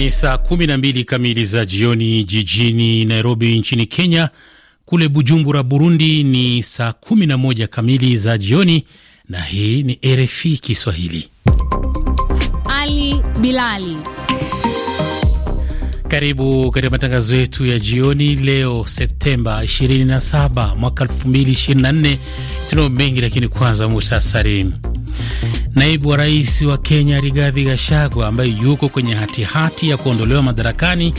Ni saa 12 kamili za jioni jijini Nairobi nchini Kenya. Kule Bujumbura, Burundi ni saa 11 kamili za jioni, na hii ni RFI Kiswahili. Ali Bilali, karibu katika matangazo yetu ya jioni leo Septemba 27 mwaka 2024. Tunao mengi, lakini kwanza muhtasari Naibu wa rais wa Kenya Rigathi Gachagua, ambaye yuko kwenye hatihati hati ya kuondolewa madarakani,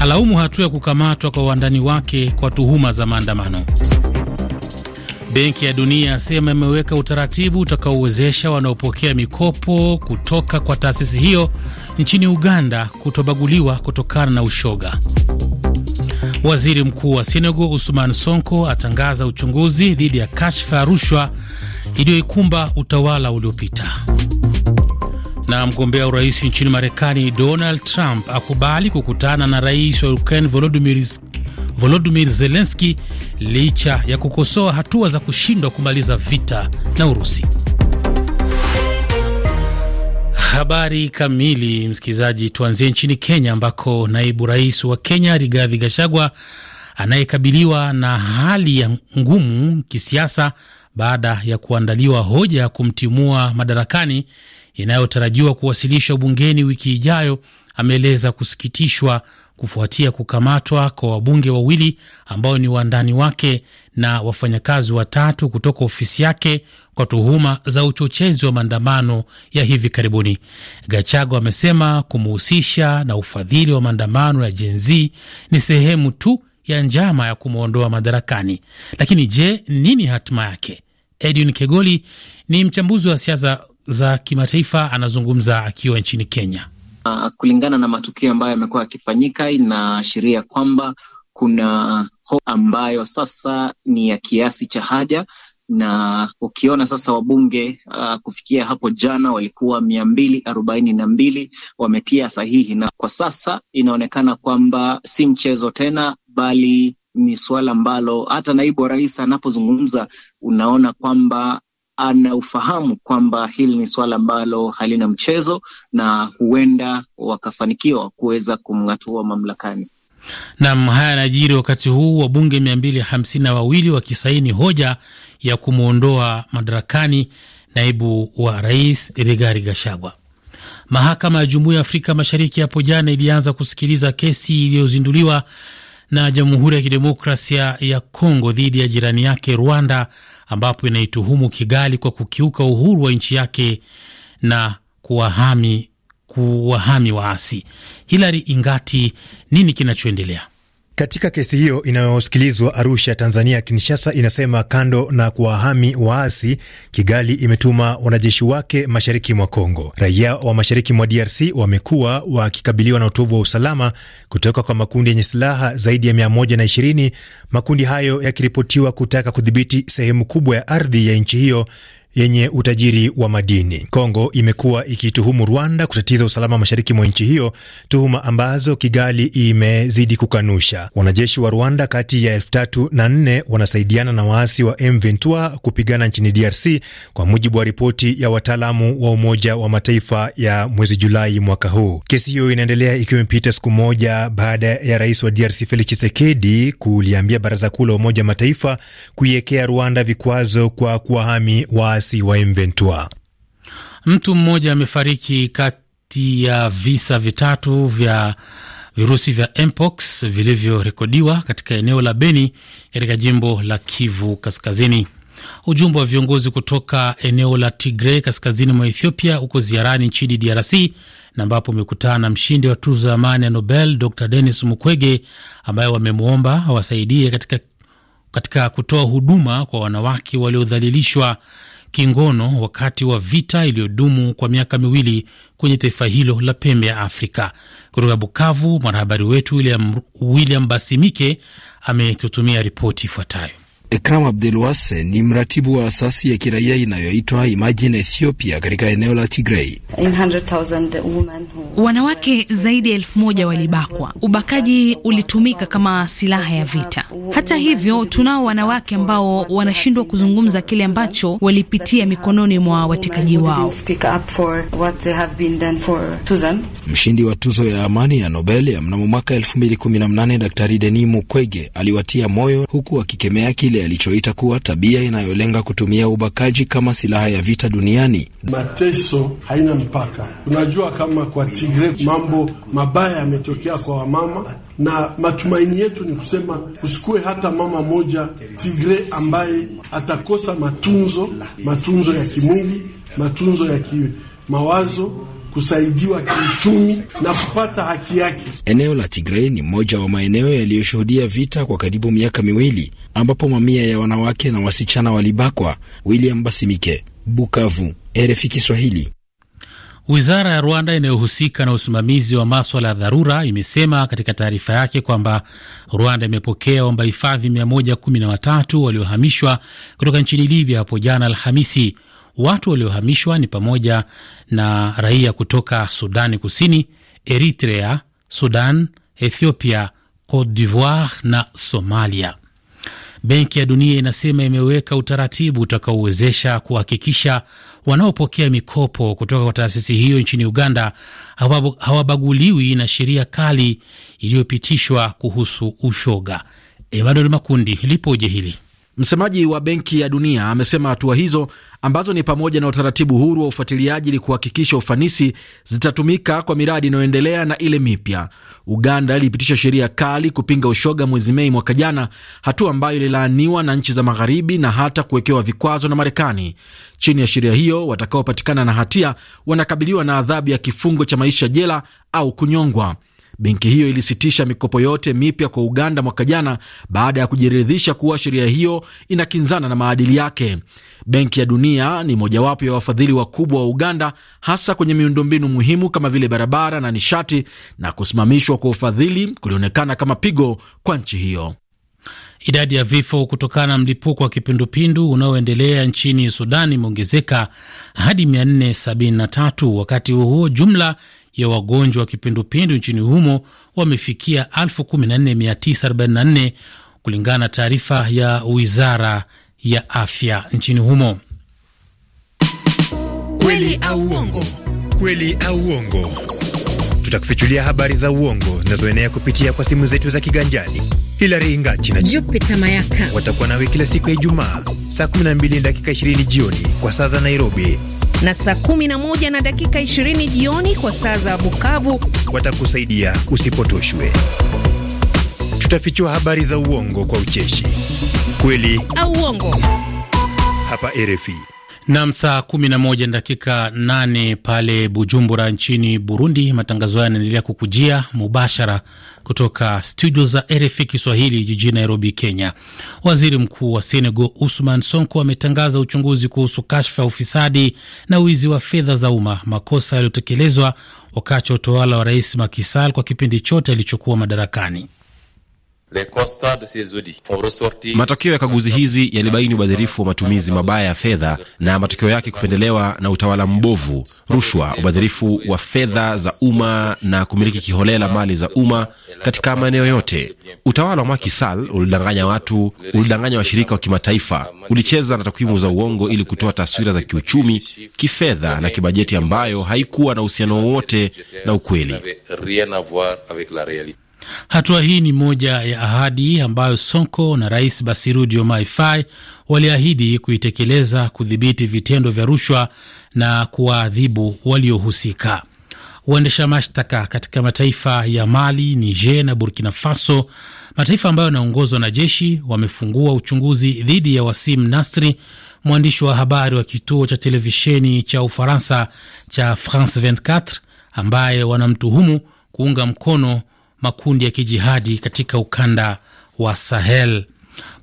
alaumu hatua ya kukamatwa kwa wandani wake kwa tuhuma za maandamano. Benki ya Dunia asema imeweka utaratibu utakaowezesha wanaopokea mikopo kutoka kwa taasisi hiyo nchini Uganda kutobaguliwa kutokana na ushoga. Waziri mkuu wa Senegal Usman Sonko atangaza uchunguzi dhidi ya kashfa ya rushwa iliyoikumba utawala uliopita. Na mgombea urais nchini Marekani Donald Trump akubali kukutana na rais wa Ukraine Volodymyr Volodymyr Zelensky licha ya kukosoa hatua za kushindwa kumaliza vita na Urusi. Habari kamili, msikilizaji, tuanzie nchini Kenya ambako naibu rais wa Kenya Rigathi Gachagua anayekabiliwa na hali ya ngumu kisiasa baada ya kuandaliwa hoja ya kumtimua madarakani inayotarajiwa kuwasilishwa bungeni wiki ijayo, ameeleza kusikitishwa kufuatia kukamatwa kwa wabunge wawili ambao ni wandani wake na wafanyakazi watatu kutoka ofisi yake kwa tuhuma za uchochezi wa maandamano ya hivi karibuni. gachago amesema kumuhusisha na ufadhili wa maandamano ya Gen Z ni sehemu tu ya njama ya kumwondoa madarakani. Lakini je, nini hatima yake? Edwin Kegoli ni mchambuzi wa siasa za kimataifa, anazungumza akiwa nchini Kenya. Ah, kulingana na matukio ambayo yamekuwa yakifanyika inaashiria kwamba kuna hofu ambayo sasa ni ya kiasi cha haja, na ukiona sasa wabunge uh, kufikia hapo jana walikuwa mia mbili arobaini na mbili wametia sahihi, na kwa sasa inaonekana kwamba si mchezo tena, bali ni suala ambalo hata naibu wa rais anapozungumza unaona kwamba anaufahamu kwamba hili ni suala ambalo halina mchezo na huenda wakafanikiwa kuweza kumng'atua mamlakani. Nam, haya yanajiri wakati huu wabunge mia mbili hamsini na wawili wakisaini hoja ya kumwondoa madarakani naibu wa rais rigari gashagwa Mahakama ya Jumuiya ya Afrika Mashariki hapo jana ilianza kusikiliza kesi iliyozinduliwa na Jamhuri ya Kidemokrasia ya Kongo dhidi ya jirani yake Rwanda, ambapo inaituhumu Kigali kwa kukiuka uhuru wa nchi yake na kuwahami kuwahami waasi. Hilary Ingati, nini kinachoendelea? Katika kesi hiyo inayosikilizwa Arusha, Tanzania, Kinshasa inasema kando na kuwahami waasi, Kigali imetuma wanajeshi wake mashariki mwa Kongo. Raia wa mashariki mwa DRC wamekuwa wakikabiliwa na utovu wa usalama kutoka kwa makundi yenye silaha zaidi ya 120, makundi hayo yakiripotiwa kutaka kudhibiti sehemu kubwa ya ardhi ya nchi hiyo yenye utajiri wa madini. Kongo imekuwa ikituhumu Rwanda kutatiza usalama mashariki mwa nchi hiyo, tuhuma ambazo Kigali imezidi kukanusha. Wanajeshi wa Rwanda kati ya elfu tatu na nne wanasaidiana na waasi wa M23 kupigana nchini DRC kwa mujibu wa ripoti ya wataalamu wa Umoja wa Mataifa ya mwezi Julai mwaka huu. Kesi hiyo inaendelea ikiwa imepita siku moja baada ya rais wa DRC Felix Tshisekedi kuliambia Baraza Kuu la Umoja wa Mataifa kuiwekea Rwanda vikwazo kwa kuwahami wa waasi wa M23. Mtu mmoja amefariki kati ya visa vitatu vya virusi vya mpox vilivyorekodiwa katika eneo la Beni katika jimbo la Kivu Kaskazini. Ujumbe wa viongozi kutoka eneo la tigre kaskazini mwa Ethiopia uko ziarani nchini DRC na ambapo umekutana na mshindi wa tuzo ya amani ya Nobel Dr Denis Mukwege ambaye wamemwomba awasaidie katika, katika kutoa huduma kwa wanawake waliodhalilishwa kingono wakati wa vita iliyodumu kwa miaka miwili kwenye taifa hilo la pembe ya Afrika. Kutoka Bukavu, mwanahabari wetu William, William Basimike ametutumia ripoti ifuatayo ekram Abdul Wase ni mratibu wa asasi ya kiraia inayoitwa Imagine Ethiopia katika eneo la tigrei Wanawake zaidi ya elfu moja walibakwa. Ubakaji ulitumika kama silaha ya vita. Hata hivyo, tunao wanawake ambao wanashindwa kuzungumza kile ambacho walipitia mikononi mwa watekaji wao. Mshindi wa tuzo ya amani ya Nobel ya mnamo mwaka 2018 Daktari Denis Mukwege aliwatia moyo huku akikemea kile kile alichoita kuwa tabia inayolenga kutumia ubakaji kama silaha ya vita duniani. Mateso haina mpaka. Tunajua kama kwa Tigre mambo mabaya yametokea kwa wamama, na matumaini yetu ni kusema kusikue hata mama moja Tigre ambaye atakosa matunzo, matunzo ya kimwili, matunzo ya kimawazo kusaidiwa kiuchumi na kupata haki yake. Eneo la Tigray ni mmoja wa maeneo yaliyoshuhudia vita kwa karibu miaka miwili ambapo mamia ya wanawake na wasichana walibakwa. William Basimike, Bukavu, RFI Kiswahili. Wizara ya Rwanda inayohusika na usimamizi wa maswala ya dharura imesema katika taarifa yake kwamba Rwanda imepokea waomba hifadhi 113 waliohamishwa kutoka nchini Libya hapo jana Alhamisi. Watu waliohamishwa ni pamoja na raia kutoka Sudani Kusini, Eritrea, Sudan, Ethiopia, Cote d'Ivoire na Somalia. Benki ya Dunia inasema imeweka utaratibu utakaowezesha kuhakikisha wanaopokea mikopo kutoka kwa taasisi hiyo nchini Uganda hawabaguliwi na sheria kali iliyopitishwa kuhusu ushoga. Emmanuel Makundi, lipoje hili? Msemaji wa Benki ya Dunia amesema hatua hizo ambazo ni pamoja na utaratibu huru wa ufuatiliaji ili kuhakikisha ufanisi zitatumika kwa miradi inayoendelea na ile mipya. Uganda ilipitisha sheria kali kupinga ushoga mwezi Mei mwaka jana, hatua ambayo ililaaniwa na nchi za Magharibi na hata kuwekewa vikwazo na Marekani. Chini ya sheria hiyo, watakaopatikana na hatia wanakabiliwa na adhabu ya kifungo cha maisha jela au kunyongwa. Benki hiyo ilisitisha mikopo yote mipya kwa Uganda mwaka jana baada ya kujiridhisha kuwa sheria hiyo inakinzana na maadili yake. Benki ya Dunia ni mojawapo ya wafadhili wakubwa wa Uganda, hasa kwenye miundombinu muhimu kama vile barabara na nishati, na kusimamishwa kwa ufadhili kulionekana kama pigo kwa nchi hiyo. Idadi ya vifo kutokana na mlipuko wa kipindupindu unaoendelea nchini Sudan imeongezeka hadi 473. Wakati huo huo, jumla ya wagonjwa wa kipindupindu nchini humo wamefikia 14944 kulingana na taarifa ya wizara ya afya nchini humo. Kweli au uongo? Kweli au uongo? Tutakufichulia habari za uongo zinazoenea kupitia kwa simu zetu za kiganjani. Hilari Ingati na Jupita Mayaka watakuwa nawe kila siku ya Ijumaa saa 12 dakika 20 jioni kwa saa za Nairobi na saa 11 na dakika 20 jioni kwa saa za Bukavu. Watakusaidia usipotoshwe. Tutafichua habari za uongo kwa ucheshi, kweli au uongo, hapa RFI. Nam, saa 11 na dakika 8 pale Bujumbura nchini Burundi. Matangazo haya yanaendelea kukujia mubashara kutoka studio za RFI Kiswahili jijini Nairobi, Kenya. Waziri Mkuu wa Senegal Usman Sonko ametangaza uchunguzi kuhusu kashfa ya ufisadi na wizi wa fedha za umma, makosa yaliyotekelezwa wakati wa utawala wa Rais makisal kwa kipindi chote alichokuwa madarakani. Matokeo ya kaguzi hizi yalibaini ubadhirifu wa matumizi mabaya ya fedha na matokeo yake kupendelewa na utawala mbovu, rushwa, ubadhirifu wa fedha za umma na kumiliki kiholela mali za umma katika maeneo yote. Utawala wa Macky Sall ulidanganya watu, ulidanganya washirika wa kimataifa, ulicheza na takwimu za uongo ili kutoa taswira za kiuchumi, kifedha na kibajeti ambayo haikuwa na uhusiano wowote na ukweli. Hatua hii ni moja ya ahadi ambayo Sonko na Rais Basiru Diomaye Faye waliahidi kuitekeleza, kudhibiti vitendo vya rushwa na kuwaadhibu waliohusika. Waendesha mashtaka katika mataifa ya Mali, Niger na Burkina Faso, mataifa ambayo yanaongozwa na jeshi, wamefungua uchunguzi dhidi ya Wasim Nasri, mwandishi wa habari wa kituo cha televisheni cha Ufaransa cha France 24 ambaye wanamtuhumu kuunga mkono makundi ya kijihadi katika ukanda wa Sahel.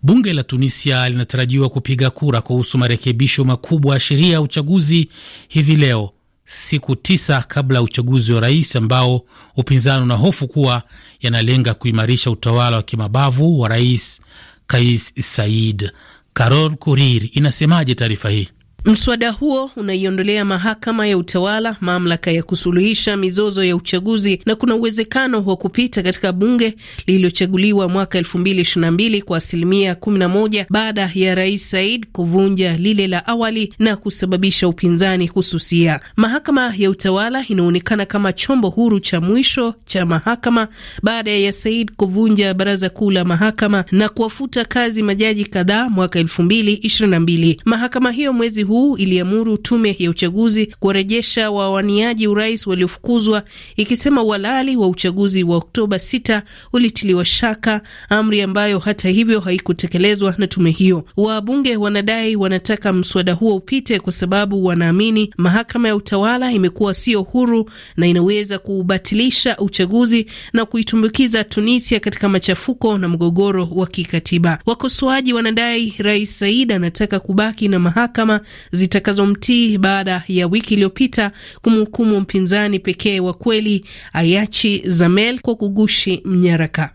Bunge la Tunisia linatarajiwa kupiga kura kuhusu marekebisho makubwa ya sheria ya uchaguzi hivi leo, siku tisa kabla ya uchaguzi wa rais ambao upinzani una hofu kuwa yanalenga kuimarisha utawala wa kimabavu wa rais Kais Said. Carol Kurir inasemaje taarifa hii? Mswada huo unaiondolea mahakama ya utawala mamlaka ya kusuluhisha mizozo ya uchaguzi na kuna uwezekano wa kupita katika bunge lililochaguliwa mwaka elfu mbili na mbili kwa asilimia kumi na moja baada ya rais Said kuvunja lile la awali na kusababisha upinzani kususia. Mahakama ya utawala inaonekana kama chombo huru cha mwisho cha mahakama baada ya Said kuvunja baraza kuu la mahakama na kuwafuta kazi majaji kadhaa mwaka elfu mbili na mbili. Mahakama hiyo mwezi huu iliamuru tume ya uchaguzi kuwarejesha wawaniaji urais waliofukuzwa, ikisema uhalali wa uchaguzi wa Oktoba 6 ulitiliwa shaka, amri ambayo hata hivyo haikutekelezwa na tume hiyo. Wabunge wanadai wanataka mswada huo upite kwa sababu wanaamini mahakama ya utawala imekuwa sio huru na inaweza kuubatilisha uchaguzi na kuitumbukiza Tunisia katika machafuko na mgogoro wa kikatiba. Wakosoaji wanadai Rais Said anataka kubaki na mahakama zitakazomtii baada ya wiki iliyopita kumhukumu mpinzani pekee wa kweli Ayachi Zamel kwa kugushi mnyaraka.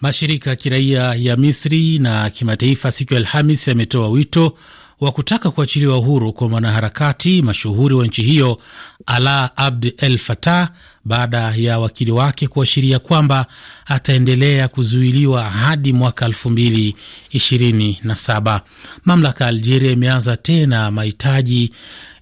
Mashirika ya kiraia ya Misri na kimataifa siku ya Alhamis yametoa wito wa kutaka kuachiliwa uhuru kwa mwanaharakati mashuhuri wa nchi hiyo Ala Abd El Fatah baada ya wakili wake kuashiria kwamba ataendelea kuzuiliwa hadi mwaka 2027. Mamlaka ya Algeria imeanza tena mahitaji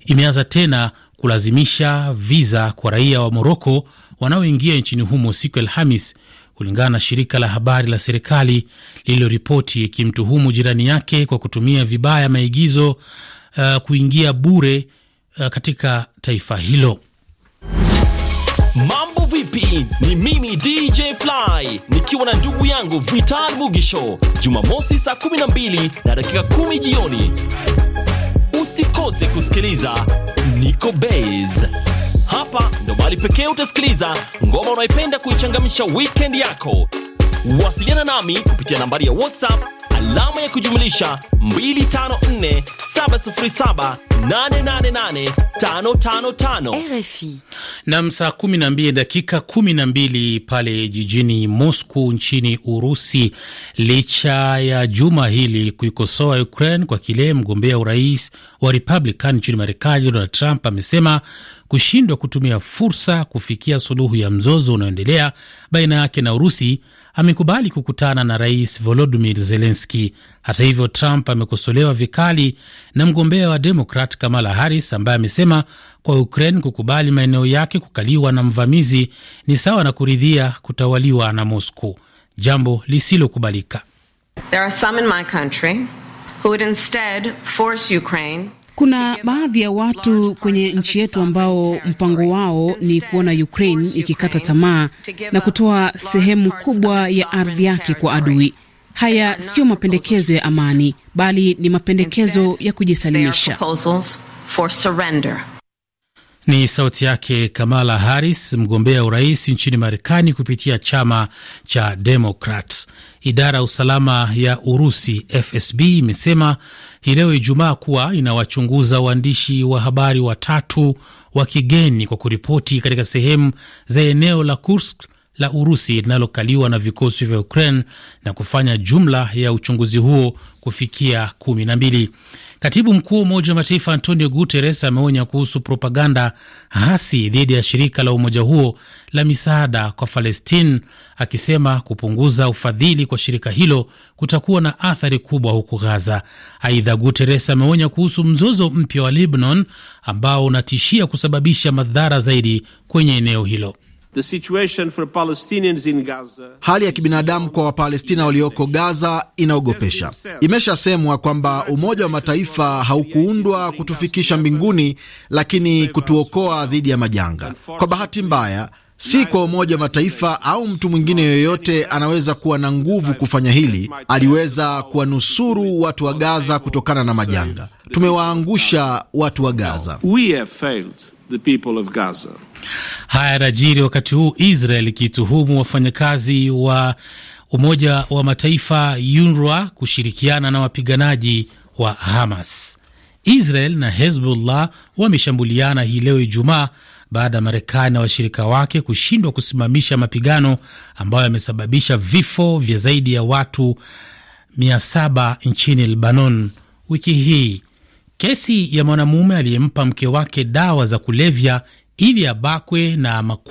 imeanza tena kulazimisha viza kwa raia wa Moroko wanaoingia nchini humo siku ya Alhamis, kulingana na shirika la habari la serikali lililoripoti ikimtuhumu jirani yake kwa kutumia vibaya maigizo uh, kuingia bure uh, katika taifa hilo. Mambo vipi? Ni mimi DJ Fly nikiwa na ndugu yangu Vital Mugisho, Jumamosi saa 12 na dakika 10 jioni. Usikose kusikiliza Niko bas Hapa ndo mahali pekee utasikiliza ngoma unaipenda kuichangamsha wikend yako. Wasiliana nami kupitia nambari ya WhatsApp alama ya kujumlisha 254 707 888 RFI nam, saa 12 dakika 12 pale jijini Moscow nchini Urusi. Licha ya juma hili kuikosoa Ukraine kwa kile mgombea urais wa Republican nchini Marekani Donald Trump amesema kushindwa kutumia fursa kufikia suluhu ya mzozo unaoendelea baina yake na Urusi, amekubali kukutana na Rais Volodimir Zelenski. Hata hivyo, Trump amekosolewa vikali na mgombea wa Demokrat Kamala Harris ambaye amesema kwa Ukraine kukubali maeneo yake kukaliwa na mvamizi ni sawa na kuridhia kutawaliwa na Moscow, jambo lisilokubalika. Kuna baadhi ya watu kwenye nchi yetu ambao mpango wao ni kuona Ukraine ikikata tamaa na kutoa sehemu kubwa ya ardhi yake kwa adui. Haya siyo mapendekezo ya amani, bali ni mapendekezo ya kujisalimisha. Ni sauti yake Kamala Harris, mgombea urais nchini Marekani kupitia chama cha Demokrat. Idara ya usalama ya Urusi, FSB, imesema hii leo Ijumaa kuwa inawachunguza waandishi wa habari watatu wa kigeni kwa kuripoti katika sehemu za eneo la Kursk la Urusi linalokaliwa na vikosi vya Ukraine na kufanya jumla ya uchunguzi huo kufikia kumi na mbili. Katibu mkuu wa Umoja wa Mataifa Antonio Guterres ameonya kuhusu propaganda hasi dhidi ya shirika la umoja huo la misaada kwa Palestine, akisema kupunguza ufadhili kwa shirika hilo kutakuwa na athari kubwa huku Gaza. Aidha, Guterres ameonya kuhusu mzozo mpya wa Lebanon ambao unatishia kusababisha madhara zaidi kwenye eneo hilo. The situation for Palestinians in Gaza. Hali ya kibinadamu kwa Wapalestina walioko Gaza inaogopesha. Imeshasemwa kwamba Umoja wa Mataifa haukuundwa kutufikisha mbinguni, lakini kutuokoa dhidi ya majanga. Kwa bahati mbaya, si kwa Umoja wa Mataifa au mtu mwingine yoyote anaweza kuwa na nguvu kufanya hili. Aliweza kuwanusuru watu wa Gaza kutokana na majanga. Tumewaangusha watu wa Gaza. We have failed the people of Gaza. Haya yanajiri wakati huu Israel ikituhumu wafanyakazi wa Umoja wa Mataifa UNRWA kushirikiana na wapiganaji wa Hamas. Israel na Hezbollah wameshambuliana hii leo Ijumaa baada ya Marekani na washirika wake kushindwa kusimamisha mapigano ambayo yamesababisha vifo vya zaidi ya watu 700 nchini Lebanon wiki hii. Kesi ya mwanamume aliyempa mke wake dawa za kulevya ili abakwe na maku